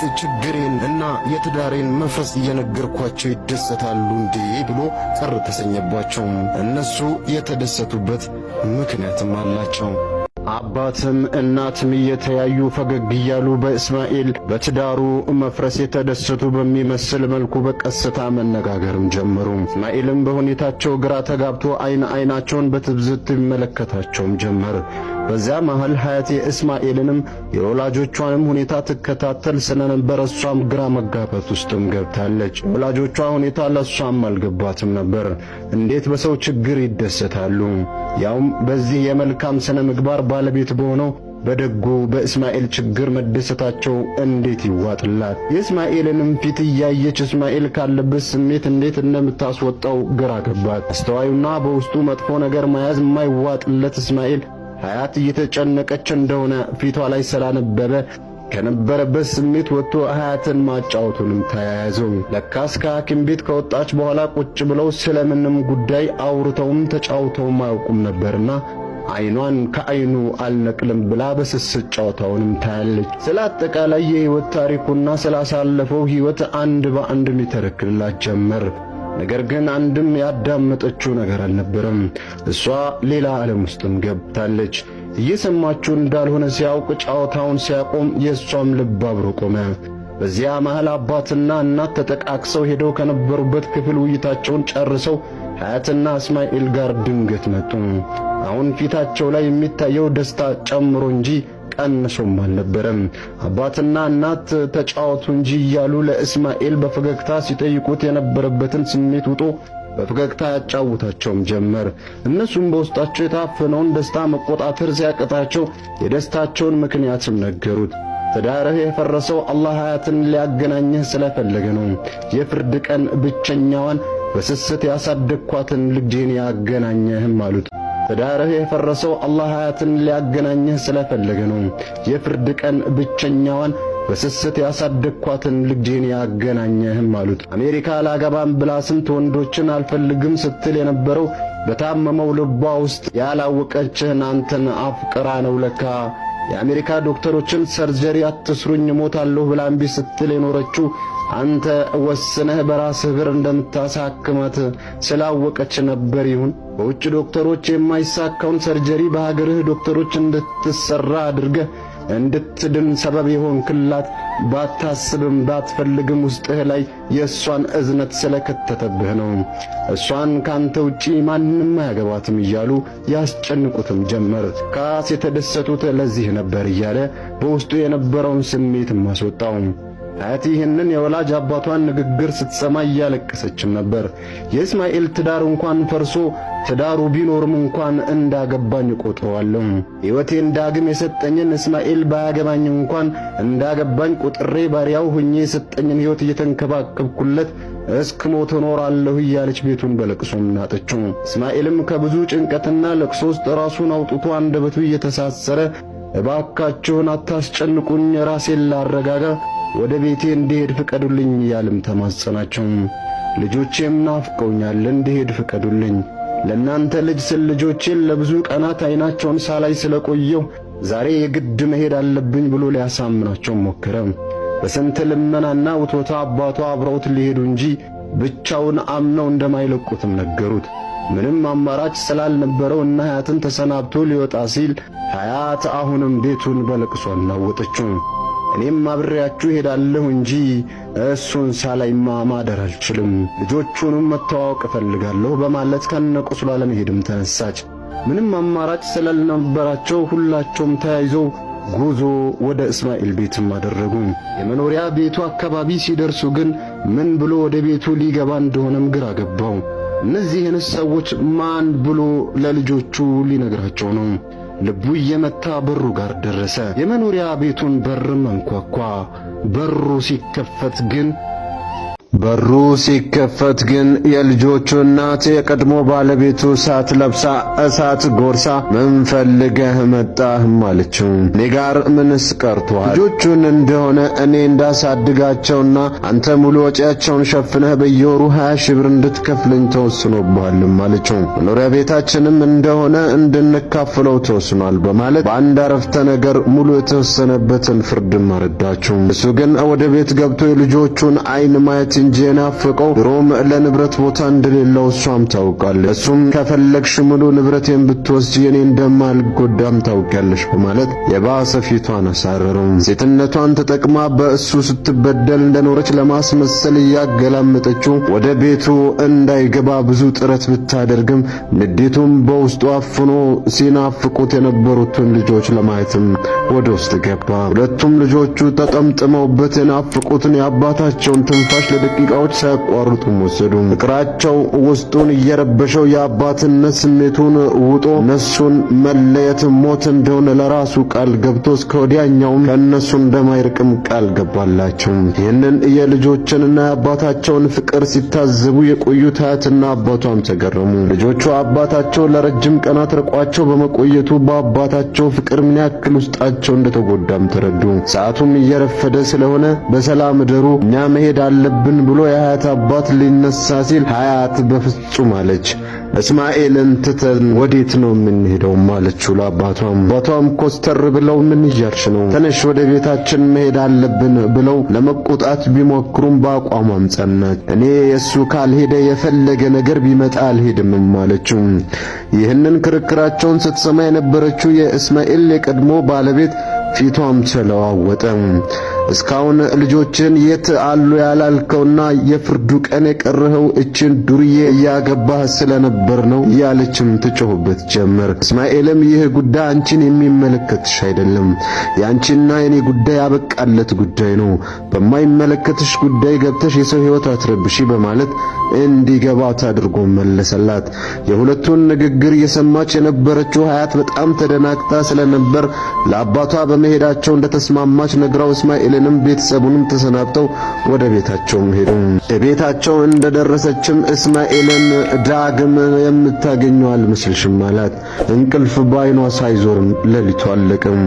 በእርግጥ ችግሬን እና የትዳሬን መንፈስ እየነገርኳቸው ይደሰታሉ እንዴ ብሎ ቅር ተሰኘባቸው። እነሱ የተደሰቱበት ምክንያትም አላቸው። አባትም እናትም እየተያዩ ፈገግ እያሉ በእስማኤል በትዳሩ መፍረስ የተደሰቱ በሚመስል መልኩ በቀስታ መነጋገርም ጀመሩ። እስማኤልም በሁኔታቸው ግራ ተጋብቶ አይን አይናቸውን በትብዝት ይመለከታቸውም ጀመር። በዚያ መሃል ሐያት የእስማኤልንም የወላጆቿንም ሁኔታ ትከታተል ስለነበረ እሷም ግራ መጋባት ውስጥም ገብታለች። የወላጆቿ ሁኔታ ለእሷም አልገባትም ነበር። እንዴት በሰው ችግር ይደሰታሉ? ያውም በዚህ የመልካም ስነ ምግባር ባለቤት በሆነው በደጉ በእስማኤል ችግር መደሰታቸው እንዴት ይዋጥላት? የእስማኤልንም ፊት እያየች እስማኤል ካለበት ስሜት እንዴት እንደምታስወጣው ግራ ገባት። አስተዋዩና በውስጡ መጥፎ ነገር መያዝ የማይዋጥለት እስማኤል ሀያት እየተጨነቀች እንደሆነ ፊቷ ላይ ስላነበበ ከነበረበት ስሜት ወጥቶ ሀያትን ማጫወቱንም ተያያዘው። ለካስ ከሐኪም ቤት ከወጣች በኋላ ቁጭ ብለው ስለምንም ጉዳይ አውርተውም ተጫውተውም አያውቁም ነበርና አይኗን ከአይኑ አልነቅልም ብላ በስስት ጨዋታውንም ታያለች። ስለ አጠቃላይ የህይወት ታሪኩና ስላሳለፈው ህይወት አንድ በአንድ ሊተረክልላት ጀመር። ነገር ግን አንድም ያዳመጠችው ነገር አልነበረም። እሷ ሌላ ዓለም ውስጥም ገብታለች። እየሰማችሁ እንዳልሆነ ሲያውቅ ጨዋታውን ሲያቆም የእሷም ልብ አብሮ ቆመ። በዚያ መሃል አባትና እናት ተጠቃቅሰው ሄደው ከነበሩበት ክፍል ውይይታቸውን ጨርሰው አያትና እስማኤል ጋር ድንገት መጡ። አሁን ፊታቸው ላይ የሚታየው ደስታ ጨምሮ እንጂ ቀንሶም አልነበረም። አባትና እናት ተጫወቱ እንጂ እያሉ ለእስማኤል በፈገግታ ሲጠይቁት የነበረበትን ስሜት ውጦ በፈገግታ ያጫውታቸውም ጀመር። እነሱም በውስጣቸው የታፈነውን ደስታ መቆጣጠር ሲያቅታቸው የደስታቸውን ምክንያትም ነገሩት። ትዳርህ የፈረሰው አላህ ሀያትን ሊያገናኝህ ስለፈለገ ነው። የፍርድ ቀን ብቸኛዋን በስስት ያሳደግኳትን ልጄን ያገናኘህም አሉት። ትዳርህ የፈረሰው አላህ አያትን ሊያገናኘህ ስለፈለገ ነው። የፍርድ ቀን ብቸኛዋን በስስት ያሳደግኳትን ልጄን ያገናኘህም አሉት። አሜሪካ ላገባም ብላ ስንት ወንዶችን አልፈልግም ስትል የነበረው በታመመው ልቧ ውስጥ ያላወቀችህን አንተን አፍቅራ ነው ለካ። የአሜሪካ ዶክተሮችን ሰርጀሪ አትስሩኝ እሞታለሁ ብላ እምቢ ስትል የኖረችው አንተ ወስነህ በራስህ ብር እንደምታሳክማት ስላወቀች ነበር ይሁን። በውጭ ዶክተሮች የማይሳካውን ሰርጀሪ በሀገርህ ዶክተሮች እንድትሰራ አድርገህ እንድትድን ሰበብ የሆንክላት ባታስብም ባትፈልግም ውስጥህ ላይ የእሷን እዝነት ስለከተተብህ ነው። እሷን ካንተ ውጪ ማንም አያገባትም እያሉ ያስጨንቁትም ጀመር። ካስ የተደሰቱት ለዚህ ነበር እያለ በውስጡ የነበረውን ስሜት ማስወጣው አያቴ ይህንን የወላጅ አባቷን ንግግር ስትሰማ እያለቀሰችም ነበር። የእስማኤል ትዳር እንኳን ፈርሶ ትዳሩ ቢኖርም እንኳን እንዳገባኝ ቆጥረዋለሁ። ሕይወቴን ዳግም የሰጠኝን እስማኤል ባያገባኝ እንኳን እንዳገባኝ ቁጥሬ ባሪያው ሁኜ የሰጠኝን ሕይወት እየተንከባከብኩለት እስክ ሞት እኖራለሁ እያለች ቤቱን በለቅሶም ናጠችው። እስማኤልም ከብዙ ጭንቀትና ለቅሶ ውስጥ ራሱን አውጥቶ አንደበቱ እየተሳሰረ እባካችሁን አታስጨንቁኝ፣ ራሴን ላረጋጋ ወደ ቤቴ እንድሄድ ፍቀዱልኝ እያልም ተማጸናቸው። ልጆቼም ናፍቀውኛል፣ እንድሄድ ፍቀዱልኝ። ለእናንተ ልጅ ስል ልጆቼን ለብዙ ቀናት ዐይናቸውን ሳላይ ስለቆየው ዛሬ የግድ መሄድ አለብኝ ብሎ ሊያሳምናቸው ሞከረ። በስንት ልመናና ውቶታ አባቷ አብረውት ሊሄዱ እንጂ ብቻውን አምነው እንደማይለቁትም ነገሩት። ምንም አማራጭ ስላልነበረው እና አያትን ተሰናብቶ ሊወጣ ሲል አያት አሁንም ቤቱን በለቅሶ እናወጠችው። እኔም አብሬያችሁ እሄዳለሁ እንጂ እሱን ሳላይማ ማደር አልችልም፣ ልጆቹንም መተዋወቅ እፈልጋለሁ በማለት ከነቁስሏ ለመሄድም ተነሳች። ምንም አማራጭ ስላልነበራቸው ሁላቸውም ተያይዘው ጉዞ ወደ እስማኤል ቤትም አደረጉ። የመኖሪያ ቤቱ አካባቢ ሲደርሱ ግን ምን ብሎ ወደ ቤቱ ሊገባ እንደሆነም ግራ ገባው። እነዚህን ሰዎች ማን ብሎ ለልጆቹ ሊነግራቸው ነው? ልቡ እየመታ በሩ ጋር ደረሰ። የመኖሪያ ቤቱን በር መንኳኳ። በሩ ሲከፈት ግን በሩ ሲከፈት ግን የልጆቹ እናት የቀድሞ ባለቤቱ እሳት ለብሳ እሳት ጎርሳ ምን ፈልገህ መጣህም አለችው። እኔ ጋር ምንስ ቀርቷል? ልጆቹን እንደሆነ እኔ እንዳሳድጋቸውና አንተ ሙሉ ወጪያቸውን ሸፍነህ በየወሩ ሀያ ሺህ ብር እንድትከፍለኝ ተወስኖብሃልም አለችው። መኖሪያ ቤታችንም እንደሆነ እንድንካፍለው ተወስኗል በማለት በአንድ አረፍተ ነገር ሙሉ የተወሰነበትን ፍርድም አረዳችው። እሱ ግን ወደ ቤት ገብቶ የልጆቹን አይን ማየት እንጂ የናፈቀው ድሮም ለንብረት ቦታ እንደሌለው እሷም ታውቃለች። እሱም ከፈለግሽ ሙሉ ንብረቴን ብትወስጂ እኔ እንደማልጎዳም ታውቂያለሽ በማለት የባሰ ፊቷን አሳረሩም። ሴትነቷን ተጠቅማ በእሱ ስትበደል እንደኖረች ለማስመሰል እያገላመጠችው ወደ ቤቱ እንዳይገባ ብዙ ጥረት ብታደርግም ንዴቱም በውስጡ አፍኖ ሲናፍቁት የነበሩትን ልጆች ለማየትም ወደ ውስጥ ገባ። ሁለቱም ልጆቹ ተጠምጥመውበት የናፍቁትን የአባታቸውን ትንፋሽ ደቂቃዎች ሳያቋርጡ ወሰዱ። ፍቅራቸው ውስጡን እየረበሸው የአባትነት ስሜቱን ውጦ እነሱን መለየት ሞት እንደሆነ ለራሱ ቃል ገብቶ እስከ ወዲያኛውም ከእነሱ እንደማይርቅም ቃል ገባላቸው። ይህንን የልጆችንና የአባታቸውን ፍቅር ሲታዘቡ የቆዩት አያትና አባቷም ተገረሙ። ልጆቹ አባታቸው ለረጅም ቀናት ርቋቸው በመቆየቱ በአባታቸው ፍቅር ምን ያክል ውስጣቸው እንደተጎዳም ተረዱ። ሰዓቱም እየረፈደ ስለሆነ በሰላም እደሩ፣ እኛ መሄድ አለብን ብሎ የሀያት አባት ሊነሳ ሲል ሀያት በፍጹም አለች። እስማኤልን ትተን ወዴት ነው የምንሄደው አለችው ለአባቷም። አባቷም ኮስተር ብለው ምን እያልሽ ነው? ተነሽ ወደ ቤታችን መሄድ አለብን ብለው ለመቆጣት ቢሞክሩም በአቋሟም ጸናች። እኔ የእሱ ካልሄደ የፈለገ ነገር ቢመጣ አልሄድምም አለችው። ይህንን ክርክራቸውን ስትሰማ የነበረችው የእስማኤል የቀድሞ ባለቤት ፊቷም ተለዋወጠ። እስካሁን ልጆችን የት አሉ ያላልከውና የፍርዱ ቀን የቀረኸው እችን ዱርዬ እያገባህ ስለነበር ነው እያለችም ትጮህበት ጀመር። እስማኤልም ይህ ጉዳይ አንቺን የሚመለከትሽ አይደለም፣ የአንቺና የኔ ጉዳይ ያበቃለት ጉዳይ ነው። በማይመለከትሽ ጉዳይ ገብተሽ የሰው ሕይወት አትረብሺ በማለት እንዲገባት አድርጎ መለሰላት። የሁለቱን ንግግር እየሰማች የነበረችው ሀያት በጣም ተደናግጣ ስለነበር ለአባቷ በመሄዳቸው እንደተስማማች ነግራው እስማኤል ራሔልም ቤተሰቡንም ተሰናብተው ወደ ቤታቸውም ሄዱ። ቤታቸው እንደደረሰችም እስማኤልን ዳግም የምታገኘው አልመስልሽም አላት። እንቅልፍ ባይኗ ሳይዞርም ሌሊቱ አለቀም።